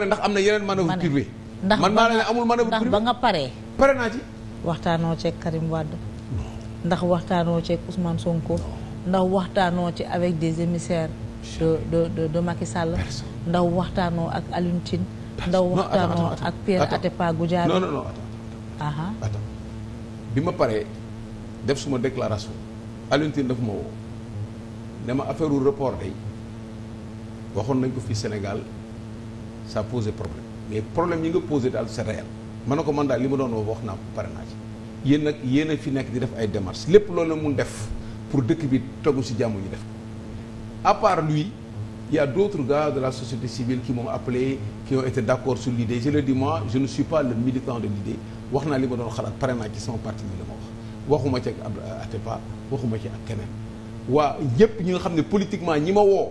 ne ndax am na yeneen manœuvre privée man maa ne amul manœuvre privée ndax ba nga paree pare naa ci waxtaanoo ceeg Karim Wade ndax waxtaanoo ceeg Ousmane Sonko ndax waxtaanoo ci avec des émissaires de de de, de Macky Sall ndax waxtaanoo ak Alioune Tine ndax waxtaanoo ak Pierre Atepa Goudiaby non non non aha bi ma paree def suma déclaration Alioune Tine dafa ma woo ne ma affaire u report day waxoon nañ ko fii Sénégal ça posé problème mais problème yi nga posé daal c'est réel ma ne ko man daal li ma doon wax wax naa ko pare naa ci yéen nag a fi nekk di def ay démarches lépp loolu mu mun def pour dëkk bi tegu si jàmm ñu def à part lui il y a d'autres gars de la société civile qui m'ont appelé qui ont été d'accord sur l'idée je le dis moi je ne suis pas le militant de l'idée wax naa li ma doon xalaat pare naa ci sama parti bi la ma wax waxuma ci ak Atepa waxuma ci ak keneen waa ñëpp ñi nga xam ne politiquement ñi ma woo